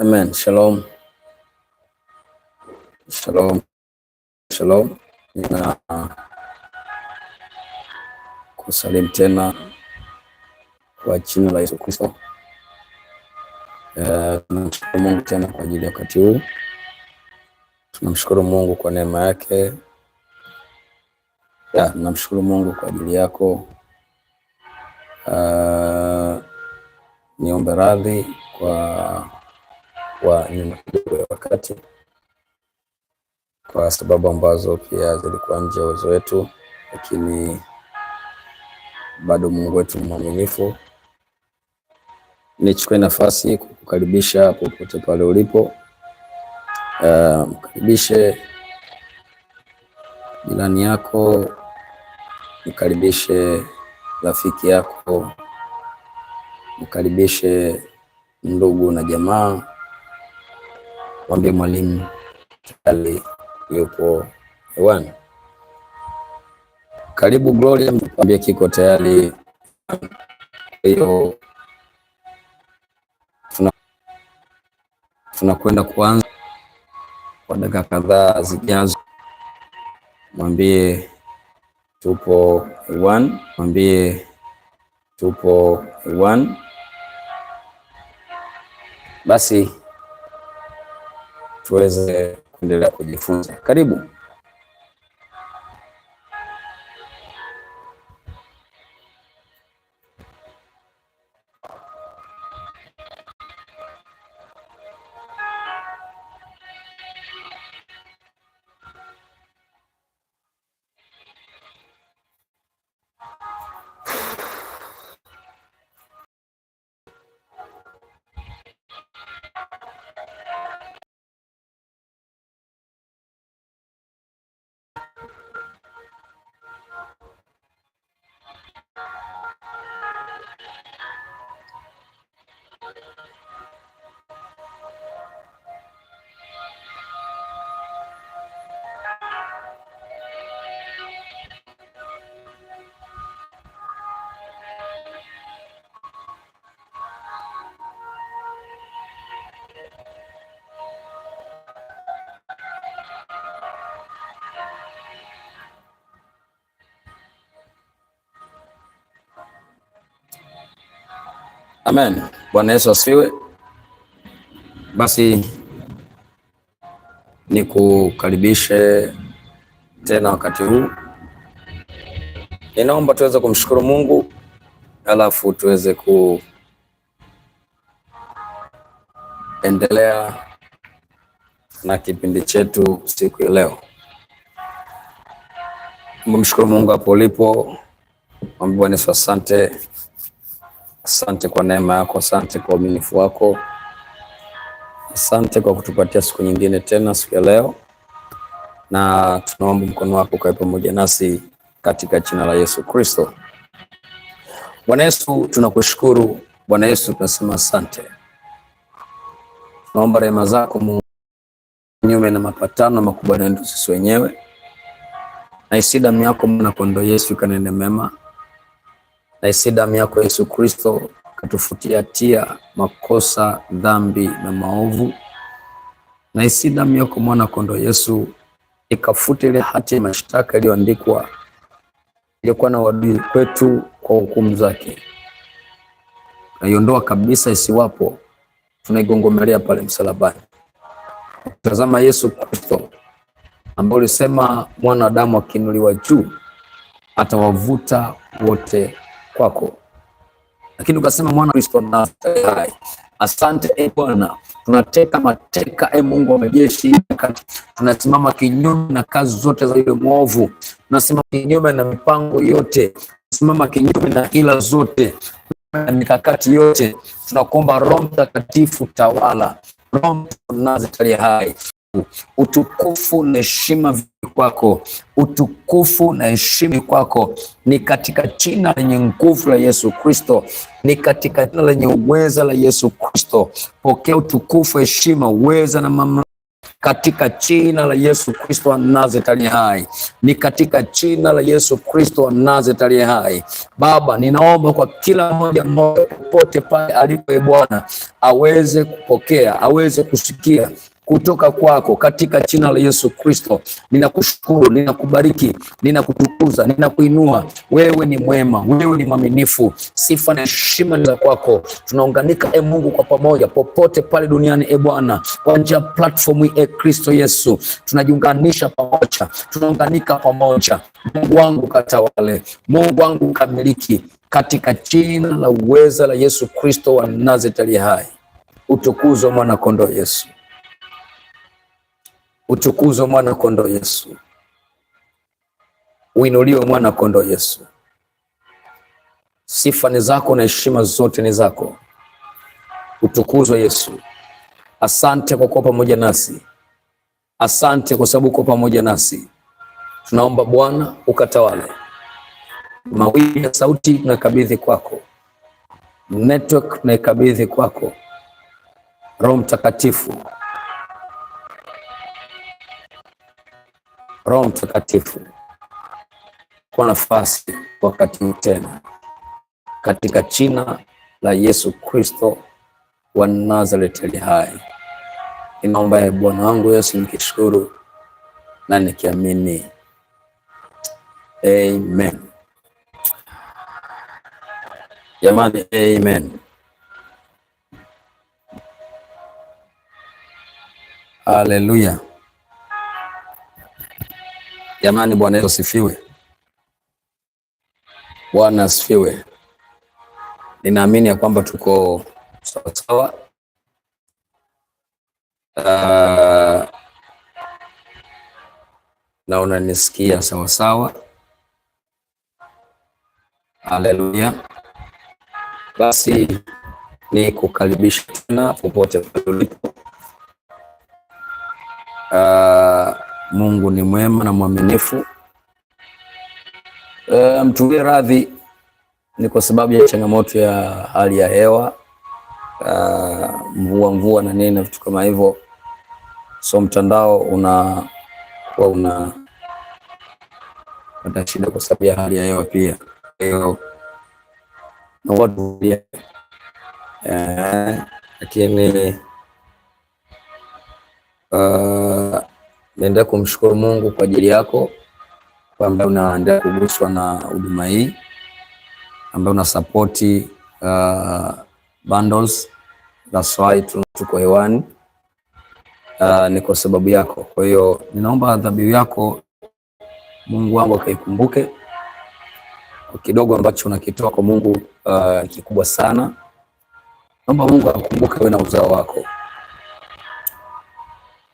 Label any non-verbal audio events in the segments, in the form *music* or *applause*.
Amen. Shalom. Shalom. Shalom. Nina kusalimu tena kwa jina la Yesu Kristo. Eh, tunamshukuru uh, Mungu tena kwa ajili ya wakati huu. Tunamshukuru Mungu kwa neema yake. Tunamshukuru Mungu kwa ajili yako. Uh, niombe radhi kwa kwa nyuma kidogo ya wakati, kwa sababu ambazo pia zilikuwa nje ya uwezo wetu, lakini bado Mungu wetu ni mwaminifu. Nichukue nafasi kukukaribisha popote pale ulipo. Uh, mkaribishe jirani yako, mkaribishe rafiki yako, mkaribishe ndugu na jamaa Mwambie mwalimu tayari yupo hewani. Karibu Gloria, mwambie kiko tayari. Hiyo tunakwenda kuanza kwa dakika kadhaa zijazo. Mwambie tupo hewani, mwambie tupo hewani. Basi tuweze kuendelea kujifunza. Karibu. Amen. Bwana Yesu asifiwe. Basi nikukaribishe tena wakati huu, ninaomba tuweze kumshukuru Mungu alafu tuweze kuendelea na kipindi chetu siku ya leo. Mshukuru Mungu hapo ulipo, mwambie Bwana Yesu asante Asante kwa neema yako, asante kwa uaminifu wako, asante kwa kutupatia siku nyingine tena, siku ya leo, na tunaomba mkono wako ukawe pamoja nasi katika jina la Yesu Kristo. Bwana Yesu, tunakushukuru Bwana Yesu, tunasema asante. Tunaomba rehema zako nyume na mapatano na makubaliano yetu sisi wenyewe, na isi damu yako mwana kondoo Yesu ikanene mema Naisi damu yako Yesu Kristo tia makosa, dhambi na maovu. Naisi damu yako mwana kondo Yesu ikafute ile hati ya mashtaka iliyoandikwa iliyokuwa na wadui kwetu kwa hukumu zake, naiondoa kabisa, isiwapo tunaigongomelea pale msalabani. Tazama Yesu Kristo ambaye ulisema mwanadamu akiinuliwa juu atawavuta wote kwako, lakini ukasema mwana Kristo na Asante e Bwana, tunateka mateka e Mungu wa majeshi, tunasimama kinyume na kazi zote za yule mwovu, tunasimama kinyume na mipango yote, tunasimama kinyume na ila zote na mikakati yote. Tunakuomba Roho Mtakatifu, tawala. Roho Mtakatifu hai, Utukufu na heshima kwako, utukufu na heshima kwako. Ni katika jina lenye nguvu la Yesu Kristo, ni katika jina lenye uweza la Yesu Kristo. Pokea utukufu, heshima, uweza na mamlaka katika jina la Yesu Kristo wa Nazareti aliye hai, ni katika jina la Yesu Kristo wa Nazareti aliye hai. Baba, ninaomba kwa kila mmoja mmoja popote pale alipo, e Bwana aweze kupokea, aweze kusikia kutoka kwako katika jina la Yesu Kristo. Ninakushukuru, ninakubariki, ninakutukuza, ninakuinua. Wewe ni mwema, wewe ni mwaminifu. Sifa na heshima ni za kwako. Tunaunganika e Mungu kwa pamoja, popote pale duniani e Bwana, kwa njia platform e Kristo Yesu, tunajiunganisha pamoja, tunaunganika pamoja. Mungu wangu katawale, Mungu wangu kamiliki, katika jina la uweza la Yesu Kristo wa Nazareti hai. Utukuzwe mwana kondoo Yesu. Utukuzwe mwana kondoo Yesu, uinuliwe mwana kondoo Yesu. Sifa ni zako na heshima zote ni zako. Utukuzwe Yesu. Asante kwa kuwa pamoja nasi, asante kwa sababu uko pamoja nasi. Tunaomba Bwana ukatawale mawili ya sauti, tunakabidhi kwako network, tunaikabidhi kwako Roho Mtakatifu. Roho Mtakatifu kwa nafasi wakati tena katika jina la Yesu Kristo wa Nazareti ali hai, inaomba ya ee Bwana wangu Yesu nikishukuru na nikiamini amen. Jamani, amen. Haleluya. Jamani, Bwana Yesu asifiwe. Bwana asifiwe. Ninaamini ya kwamba tuko sawasawa. Uh, ah, na unanisikia sawasawa. Haleluya. Basi ni kukaribisha tena popote pale ulipo. Uh, Mungu ni mwema na mwaminifu. E, eh, mtuwie radhi ni kwa sababu ya changamoto ya hali ya hewa e, mvua mvua na nini na vitu kama hivyo, so mtandao una kwa una pata shida kwa sababu ya hali ya hewa pia. Leo na watu pia eh, lakini eh, naendelea kumshukuru Mungu kwa ajili yako ambayo unaendelea kuguswa na huduma hii ambayo una support uh, bundles. That's why tuko hewani uh, ni kwa sababu yako. Kwa hiyo ninaomba adhabu yako Mungu wangu akaikumbuke. Kidogo ambacho unakitoa kwa Mungu uh, kikubwa sana. Naomba Mungu akumbuke wewe na uzao wako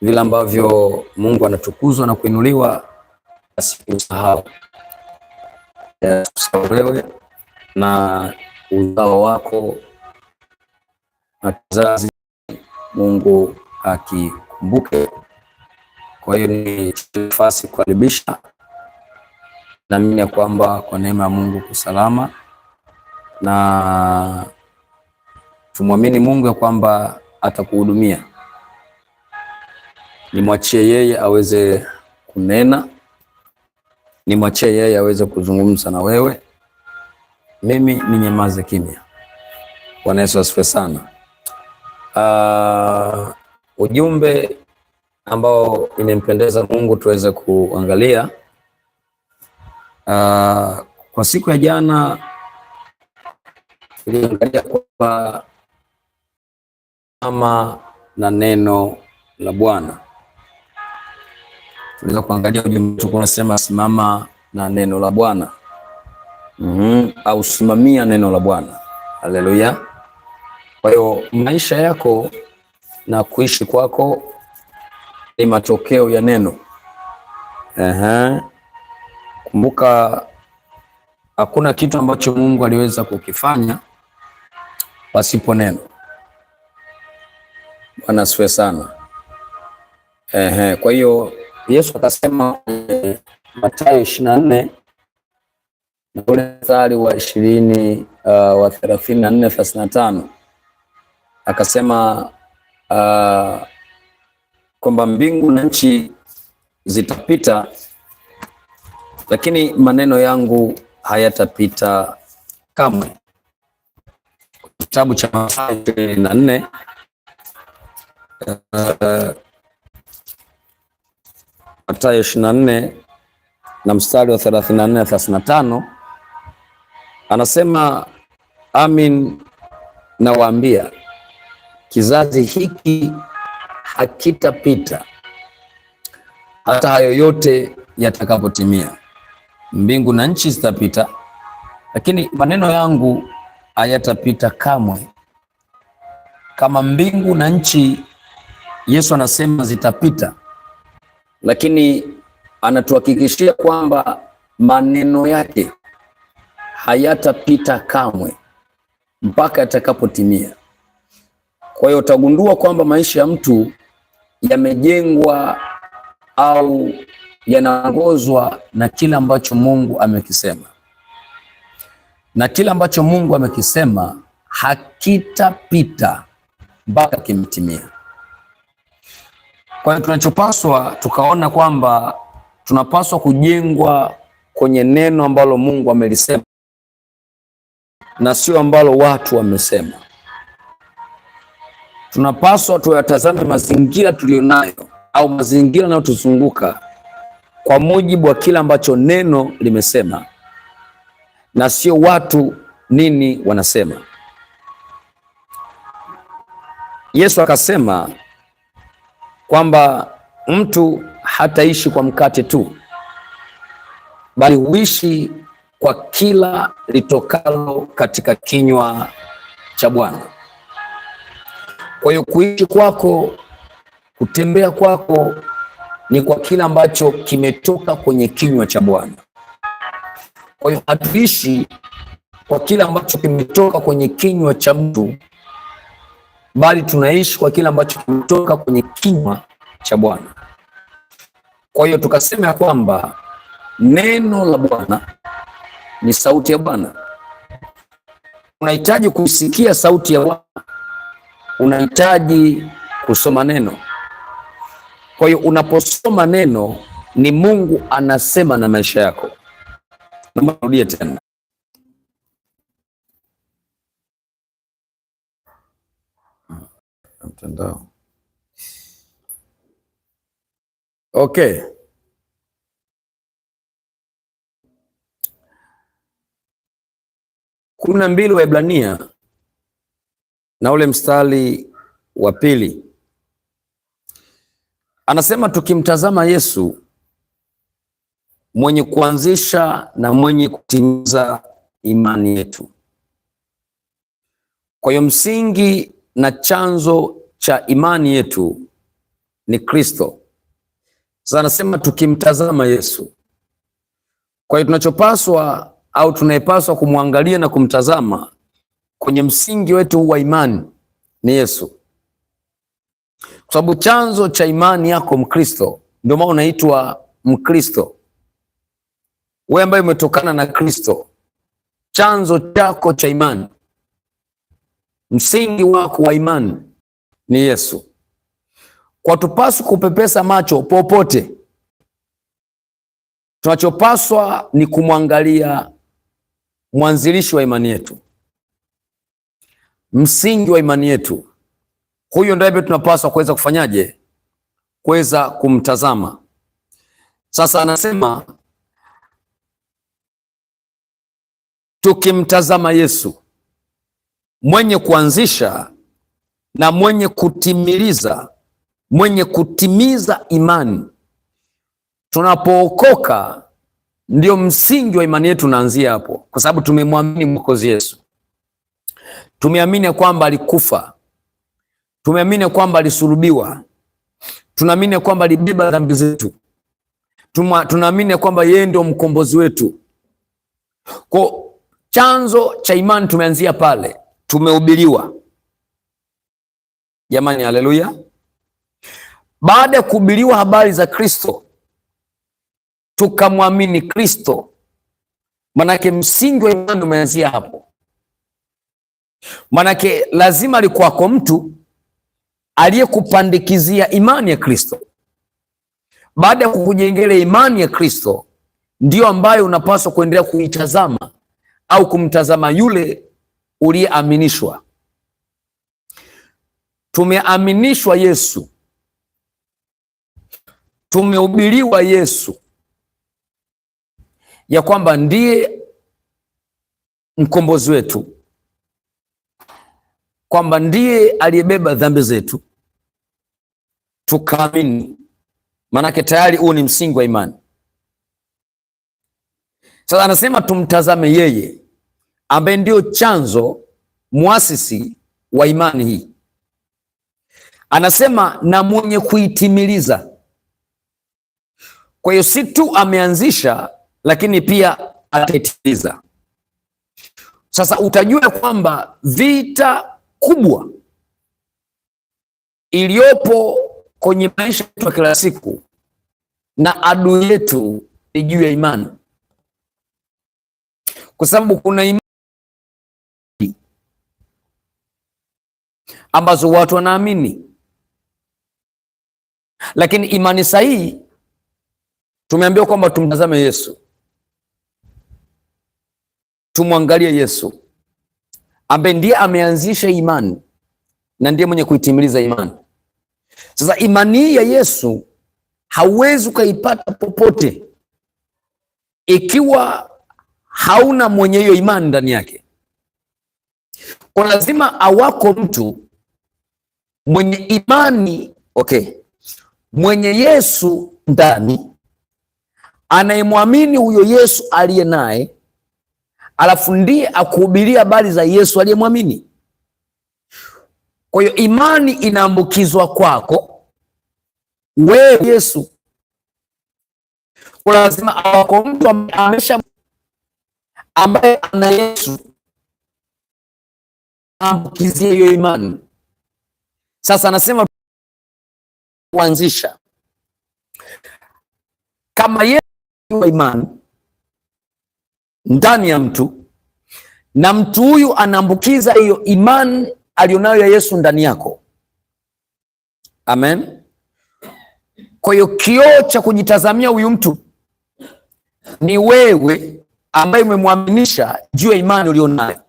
vile ambavyo Mungu anatukuzwa na kuinuliwa, asikusahau usaulewe na uzao wako na kizazi, Mungu akikumbuke. Kwa hiyo ni nafasi kukaribisha, naamini ya kwamba kwa neema ya Mungu kusalama, na tumwamini Mungu ya kwamba atakuhudumia nimwachie yeye aweze kunena, nimwachie yeye aweze kuzungumza na wewe, mimi ninyamaze kimya. Bwana Yesu asifiwe sana. Uh, ujumbe ambao imempendeza Mungu tuweze kuangalia uh, kwa siku ya jana tuliangalia kwamba ama na neno la Bwana Tunaweza kuangalia ujumbe tulikuwa unasema simama na neno la Bwana. Mm -hmm. Au simamia neno la Bwana. Haleluya. Kwa hiyo maisha yako na kuishi kwako ni matokeo ya neno. Aha. Kumbuka hakuna kitu ambacho Mungu aliweza kukifanya pasipo neno. Bwana asifiwe sana. Ehe, kwa hiyo Yesu akasema Mathayo ishirini na nne na ule mstari wa ishirini uh, wa thelathini na nne thelathini na tano akasema uh, kwamba mbingu na nchi zitapita, lakini maneno yangu hayatapita kamwe. Kitabu cha Mathayo ishirini na nne uh, Mathayo 24 na mstari wa 34 35, anasema amin, nawaambia kizazi hiki hakitapita hata hayo yote yatakapotimia. Mbingu na nchi zitapita, lakini maneno yangu hayatapita kamwe. Kama mbingu na nchi, Yesu anasema zitapita lakini anatuhakikishia kwamba maneno yake hayatapita kamwe mpaka yatakapotimia. Kwa hiyo utagundua kwamba maisha ya mtu yamejengwa au yanaongozwa na kile ambacho Mungu amekisema, na kile ambacho Mungu amekisema hakitapita mpaka kimtimia. Kwa hiyo tunachopaswa tukaona kwamba tunapaswa kujengwa kwenye neno ambalo Mungu amelisema na sio ambalo watu wamesema. Tunapaswa tuyatazame mazingira tuliyonayo au mazingira yanayotuzunguka kwa mujibu wa kile ambacho neno limesema na sio watu nini wanasema. Yesu akasema kwamba mtu hataishi kwa mkate tu, bali huishi kwa kila litokalo katika kinywa cha Bwana. Kwa hiyo kuishi kwako, kutembea kwako ni kwa kila ambacho kimetoka kwenye kinywa cha Bwana. Kwa hiyo hatuishi kwa kila ambacho kimetoka kwenye kinywa cha mtu bali tunaishi kwa kile ambacho kimetoka kwenye kinywa cha Bwana. Kwa hiyo tukasema ya kwamba neno la Bwana ni sauti ya Bwana. Unahitaji kuisikia sauti ya Bwana, unahitaji kusoma neno. Kwa hiyo unaposoma neno, ni Mungu anasema na maisha yako. Naomba nirudie tena, mtandao. Okay. kumi na mbili Waebrania na ule mstari wa pili anasema tukimtazama Yesu mwenye kuanzisha na mwenye kutimiza imani yetu. Kwa hiyo msingi na chanzo cha imani yetu ni Kristo. Sasa anasema tukimtazama Yesu. Kwa hiyo tunachopaswa au tunayepaswa kumwangalia na kumtazama kwenye msingi wetu wa imani ni Yesu, kwa sababu chanzo cha imani yako Mkristo, ndio maana unaitwa Mkristo. Wewe ambaye umetokana na Kristo, chanzo chako cha imani, msingi wako wa imani ni Yesu. Kwa tupaswa kupepesa macho popote, tunachopaswa ni kumwangalia mwanzilishi wa imani yetu, msingi wa imani yetu. Huyo ndiye tunapaswa kuweza kufanyaje? Kuweza kumtazama. Sasa anasema tukimtazama Yesu mwenye kuanzisha na mwenye kutimiliza, mwenye kutimiza imani. Tunapookoka ndio msingi wa imani yetu unaanzia hapo, kwa sababu tumemwamini mwokozi Yesu, tumeamini kwamba alikufa, tumeamini kwamba alisulubiwa, tunaamini kwamba alibeba dhambi zetu, tunaamini kwamba yeye ndio mkombozi wetu. Kwa chanzo cha imani tumeanzia pale, tumehubiriwa Jamani, haleluya! Baada ya kuhubiriwa habari za Kristo tukamwamini Kristo, manake msingi wa imani umeanzia hapo. Manake lazima alikuwako mtu aliyekupandikizia imani ya Kristo. Baada ya kukujengele imani ya Kristo, ndiyo ambayo unapaswa kuendelea kuitazama au kumtazama yule uliyeaminishwa tumeaminishwa Yesu, tumehubiriwa Yesu ya kwamba ndiye mkombozi wetu, kwamba ndiye aliyebeba dhambi zetu, tukaamini. Maanake tayari huu ni msingi wa imani. Sasa anasema tumtazame yeye ambaye ndiyo chanzo muasisi wa imani hii Anasema na mwenye kuitimiliza. Kwa hiyo si tu ameanzisha, lakini pia ataitimiliza. Sasa utajua kwamba vita kubwa iliyopo kwenye maisha yetu ya kila siku na adui yetu ni juu ya imani, kwa sababu kuna imani ambazo watu wanaamini lakini imani sahihi, tumeambiwa kwamba tumtazame Yesu, tumwangalie Yesu ambaye ndiye ameanzisha imani na ndiye mwenye kuitimiliza imani. Sasa imani hii ya Yesu hauwezi ukaipata popote ikiwa hauna mwenye hiyo imani ndani yake. Kwa lazima awako mtu mwenye imani okay mwenye Yesu ndani anayemwamini huyo Yesu aliye naye, alafu ndiye akuhubiria habari za Yesu aliyemwamini. Kwa hiyo imani inaambukizwa kwako wewe Yesu, kwa lazima awako mtu amesha ambaye ana Yesu ambukizie hiyo imani. Sasa anasema kuanzisha kama yeye wa imani ndani ya mtu na mtu huyu anaambukiza hiyo imani aliyonayo ya Yesu ndani yako. Amen. Kwa hiyo kioo cha kujitazamia huyu mtu ni wewe ambaye umemwaminisha juu ya imani ulionayo.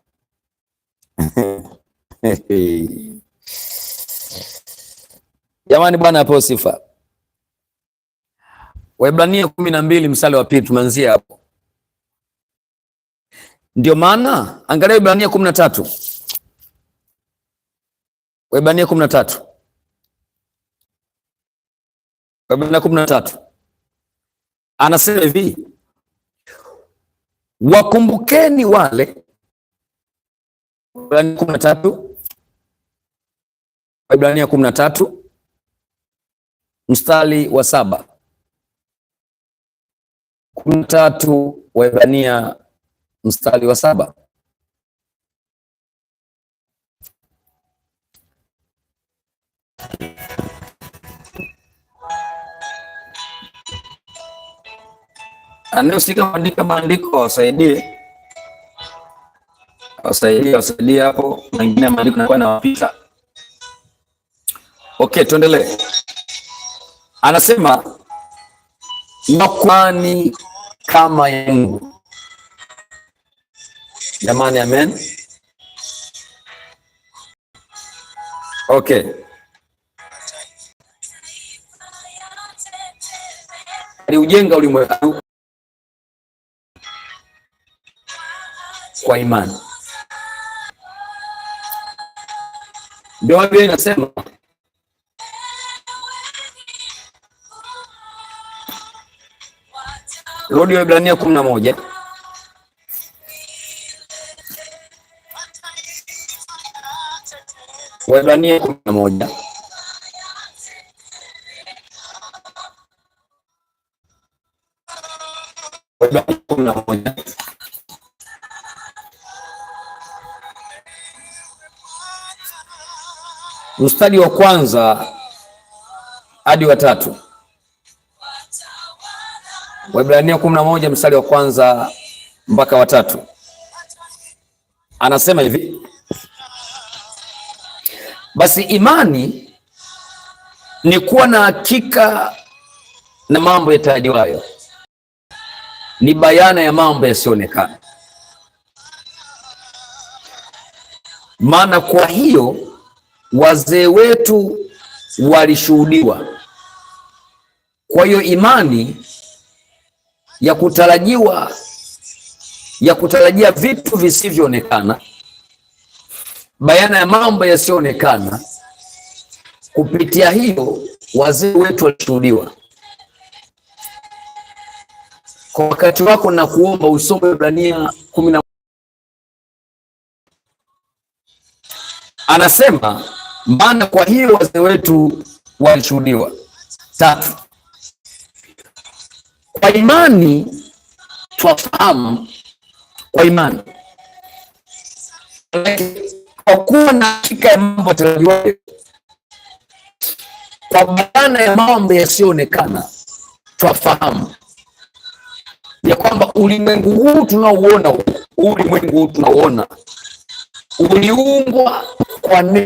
*laughs* Jamani, Bwana apewe sifa. Waebrania kumi na mbili mstari wa pili tumeanzia hapo. Ndio maana angalia Waebrania kumi na tatu Waebrania kumi na tatu Waebrania kumi na tatu anasema hivi, wakumbukeni wale. Waebrania kumi na tatu Waebrania kumi na tatu mstari wa saba kumi na tatu Waebrania mstari wa saba anayehusika kuandika maandiko awasaidie, wasaidie, awasaidie hapo, mengine maandiko nakuwa nawapita. Okay, tuendelee anasema nakwani kama ya Mungu. Jamani, amen. Okay, aliujenga ulimwengu kwa imani, ndio Biblia inasema Rudi Waebrania kumi na moja Waebrania kumi na moja Waebrania kumi na moja mstari wa kwanza hadi wa tatu. Waibrania moja mstari wa kwanza mpaka watatu anasema hivi: basi imani ni kuwa na hakika na mambo yatarajiwayo, ni bayana ya mambo yasiyoonekana. Maana kwa hiyo wazee wetu walishuhudiwa. Kwa hiyo imani ya kutarajiwa ya kutarajia vitu visivyoonekana, bayana ya mambo yasiyoonekana. Kupitia hiyo wazee wetu walishuhudiwa. Kwa wakati wako na kuomba usome Ibrania kumi na anasema maana kwa hiyo wazee wetu walishuhudiwa. Tatu, kwa imani twafahamu kwa imani, kwa kuwa na hakika ya mambo yatarajiwayo, kwa maana ya mambo yasiyoonekana twafahamu ya kwamba ulimwengu huu tunauona, ulimwengu huu tunauona uliumbwa kwa neno